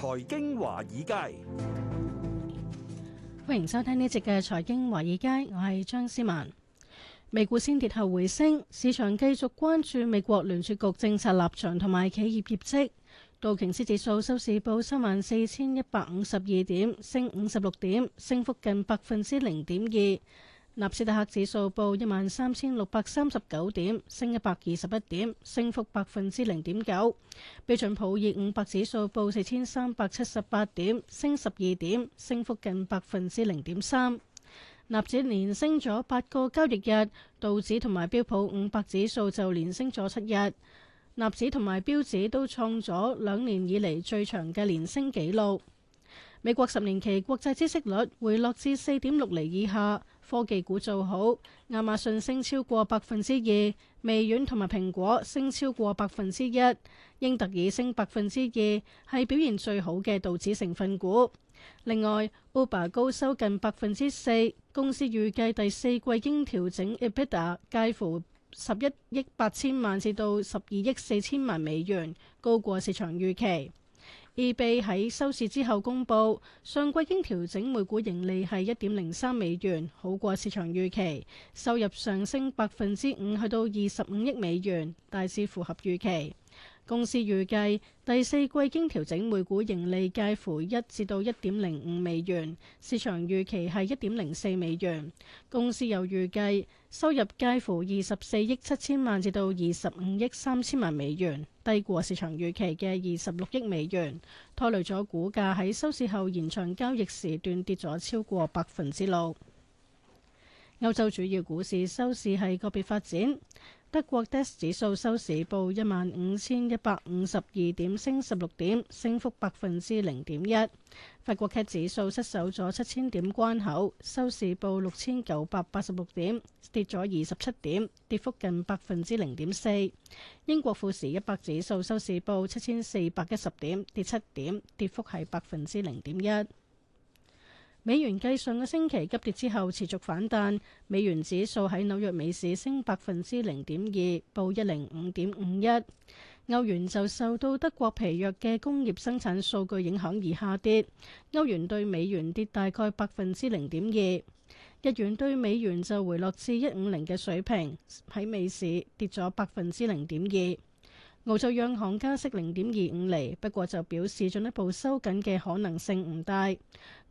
財經華爾街，歡迎收聽呢集嘅財經華爾街，我係張思曼。美股先跌後回升，市場繼續關注美國聯儲局政策立場同埋企業業績。道瓊斯指數收市報三萬四千一百五十二點，升五十六點，升幅近百分之零點二。納斯達克指數報一萬三千六百三十九點，升一百二十一點，升幅百分之零點九。標準普爾五百指數報四千三百七十八點，升十二點，升幅近百分之零點三。納指連升咗八個交易日，道指同埋標普五百指數就連升咗七日。納指同埋標指都創咗兩年以嚟最長嘅連升紀錄。美國十年期國債息率回落至四點六厘以下。科技股做好，亞馬遜升超過百分之二，微軟同埋蘋果升超過百分之一，英特爾升百分之二，係表現最好嘅道指成分股。另外，Uber 高收近百分之四，公司預計第四季應調整 EBITDA 介乎十一億八千萬至到十二億四千萬美元，高過市場預期。eBay 喺收市之後公布上季經調整每股盈利係一點零三美元，好過市場預期，收入上升百分之五，去到二十五億美元，大致符合預期。公司預計第四季經調整每股盈利介乎一至到一點零五美元，市場預期係一點零四美元。公司又預計收入介乎二十四億七千萬至到二十五億三千萬美元。低過市場預期嘅二十六億美元，拖累咗股價喺收市後延長交易時段跌咗超過百分之六。歐洲主要股市收市係個別發展。德國 DAX 指數收市報一萬五千一百五十二點，升十六點，升幅百分之零點一。法國 CAC 指數失守咗七千點關口，收市報六千九百八十六點，跌咗二十七點，跌幅近百分之零點四。英國富時一百指數收市報七千四百一十點，跌七點，跌幅係百分之零點一。美元繼上個星期急跌之後，持續反彈。美元指數喺紐約美市升百分之零點二，報一零五點五一。歐元就受到德國疲弱嘅工業生產數據影響而下跌，歐元對美元跌大概百分之零點二。日元對美元就回落至一五零嘅水平，喺美市跌咗百分之零點二。澳洲央行加息零點二五厘，不過就表示進一步收緊嘅可能性唔大。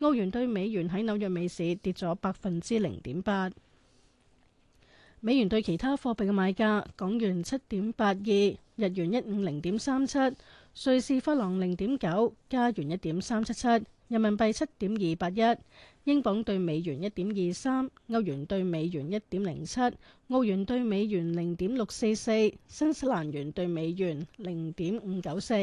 歐元對美元喺紐約美市跌咗百分之零點八。美元對其他貨幣嘅賣價：港元七點八二，日元一五零點三七，瑞士法郎零點九，加元一點三七七。人民幣七點二八一，英鎊兌美元一點二三，歐元兌美元一點零七，澳元兌美元零點六四四，新西蘭元兌美元零點五九四。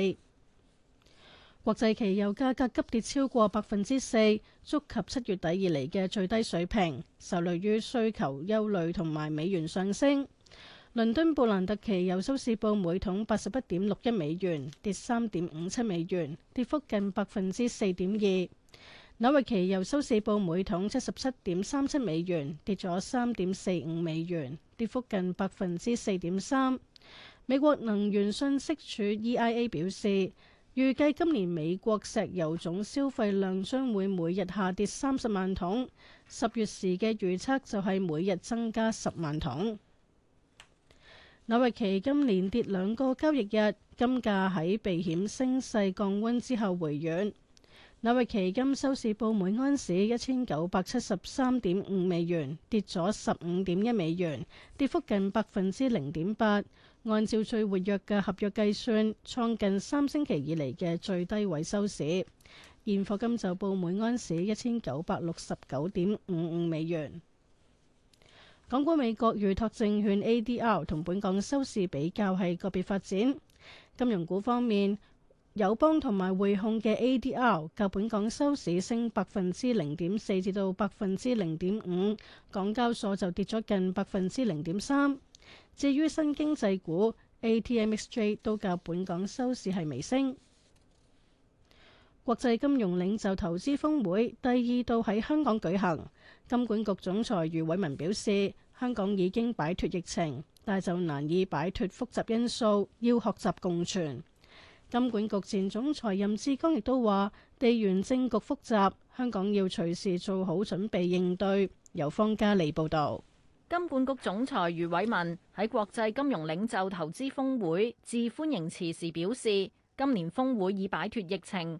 國際期油價格急跌超過百分之四，觸及七月底以嚟嘅最低水平，受累於需求憂慮同埋美元上升。倫敦布蘭特期油收市報每桶八十一點六一美元，跌三點五七美元，跌幅近百分之四點二。紐約期油收市報每桶七十七點三七美元，跌咗三點四五美元，跌幅近百分之四點三。美國能源信息署 EIA 表示，預計今年美國石油總消費量將會每日下跌三十萬桶，十月時嘅預測就係每日增加十萬桶。紐約期金連跌兩個交易日，金價喺避險升勢降溫之後回軟。紐約期金收市報每安士一千九百七十三點五美元，跌咗十五點一美元，跌幅近百分之零點八。按照最活躍嘅合約計算，創近三星期以嚟嘅最低位收市。現貨金就報每安士一千九百六十九點五五美元。港股、美國預託證券 ADR 同本港收市比較係個別發展。金融股方面，友邦同埋匯控嘅 ADR 較本港收市升百分之零點四至到百分之零點五，港交所就跌咗近百分之零點三。至於新經濟股 ATMXJ 都較本港收市係微升。國際金融領袖投資峰會第二度喺香港舉行。金管局總裁余偉文表示，香港已經擺脫疫情，但就難以擺脫複雜因素，要學習共存。金管局前總裁任志剛亦都話，地緣政局複雜，香港要隨時做好準備應對。由方嘉利報道。金管局總裁余偉文喺國際金融領袖投資峰會致歡迎詞時表示，今年峰會已擺脫疫情。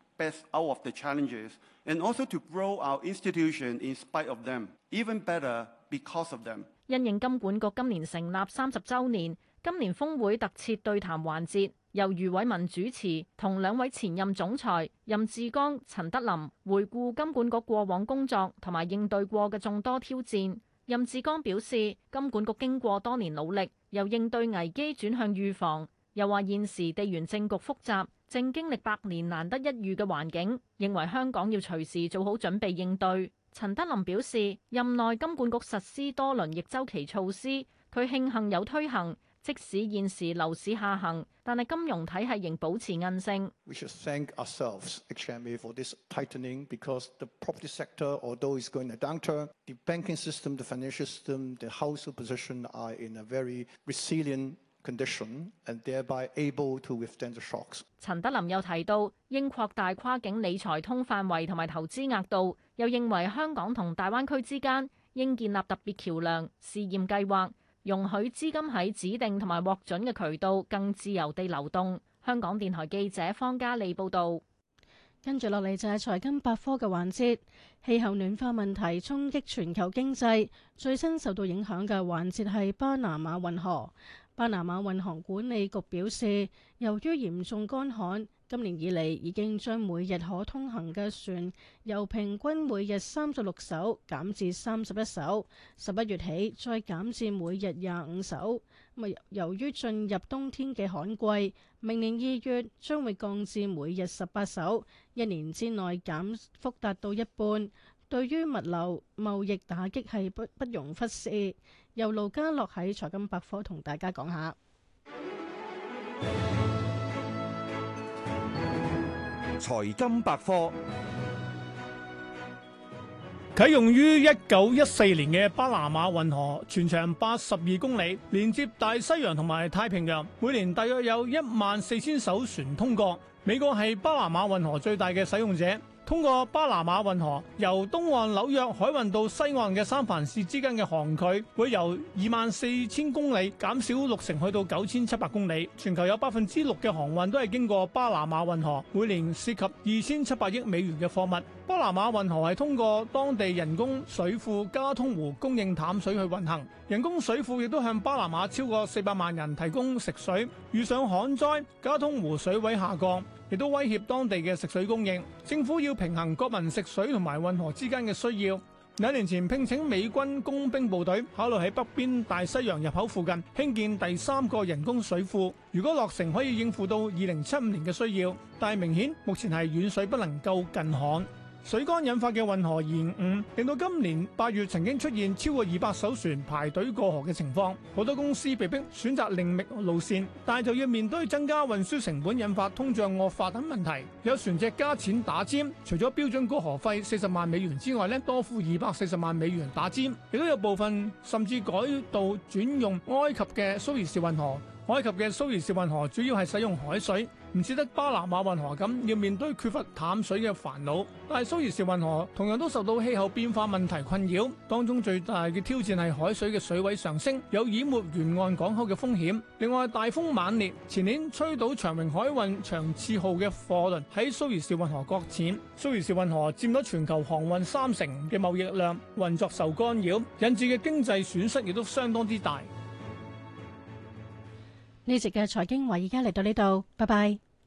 Of them. 因應金管局今年成立三十週年，今年峰會特設對談環節，由余偉文主持，同兩位前任總裁任志剛、陳德霖回顧金管局過往工作同埋應對過嘅眾多挑戰。任志剛表示，金管局經過多年努力，由應對危機轉向預防，又話現時地緣政局複雜。正經歷百年難得一遇嘅環境，認為香港要隨時做好準備應對。陳德林表示，任內金管局實施多輪逆周期措施，佢慶幸有推行，即使現時樓市下行，但係金融體系仍保持韌性。We should thank ourselves, 陳德霖又提到，應擴大跨境理財通範圍同埋投資額度，又認為香港同大灣區之間應建立特別橋梁試驗計劃，容許資金喺指定同埋獲准嘅渠道更自由地流動。香港電台記者方嘉莉報道。跟住落嚟就係財經百科嘅環節。氣候暖化問題衝擊全球經濟，最新受到影響嘅環節係巴拿馬運河。巴拿馬運河管理局表示，由於嚴重乾旱，今年以嚟已經將每日可通行嘅船由平均每日三十六艘減至三十一艘。十一月起再減至每日廿五艘。咁由於進入冬天嘅旱季，明年二月將會降至每日十八艘，一年之內減幅達到一半。對於物流貿易打擊係不不容忽視。由盧家樂喺財金百科同大家講下。財金百科，啟用於一九一四年嘅巴拿馬運河，全長八十二公里，連接大西洋同埋太平洋，每年大約有一萬四千艘船通過。美國係巴拿馬運河最大嘅使用者。通過巴拿馬運河由東岸紐約海運到西岸嘅三藩市之間嘅航距會由二萬四千公里減少六成去到九千七百公里。全球有百分之六嘅航運都係經過巴拿馬運河，每年涉及二千七百億美元嘅貨物。巴拿馬運河係通過當地人工水庫加通湖供應淡水去運行，人工水庫亦都向巴拿馬超過四百萬人提供食水。遇上旱災，加通湖水位下降。亦都威脅當地嘅食水供應，政府要平衡國民食水同埋運河之間嘅需要。兩年前聘請美軍工兵部隊，考慮喺北邊大西洋入口附近興建第三個人工水庫。如果落成可以應付到二零七五年嘅需要，但係明顯目前係遠水不能夠救近渴。水乾引發嘅運河延誤，令到今年八月曾經出現超過二百艘船排隊過河嘅情況。好多公司被逼選擇另覓路線，但係就要面對增加運輸成本、引發通脹惡化等問題。有船隻加錢打尖，除咗標準過河費四十萬美元之外，咧多付二百四十萬美元打尖。亦都有部分甚至改道轉用埃及嘅蘇伊士運河。埃及嘅蘇伊士運河主要係使用海水，唔似得巴拿馬運河咁要面對缺乏淡水嘅煩惱。但係蘇伊士運河同樣都受到氣候變化問題困擾，當中最大嘅挑戰係海水嘅水位上升，有淹沒沿岸港口嘅風險。另外大風猛烈，前年吹倒長榮海運長賜號嘅貨輪喺蘇伊士運河擱淺。蘇伊士運河佔咗全球航運三成嘅貿易量，運作受干擾，引致嘅經濟損失亦都相當之大。呢集嘅財經華，而家嚟到呢度，拜拜。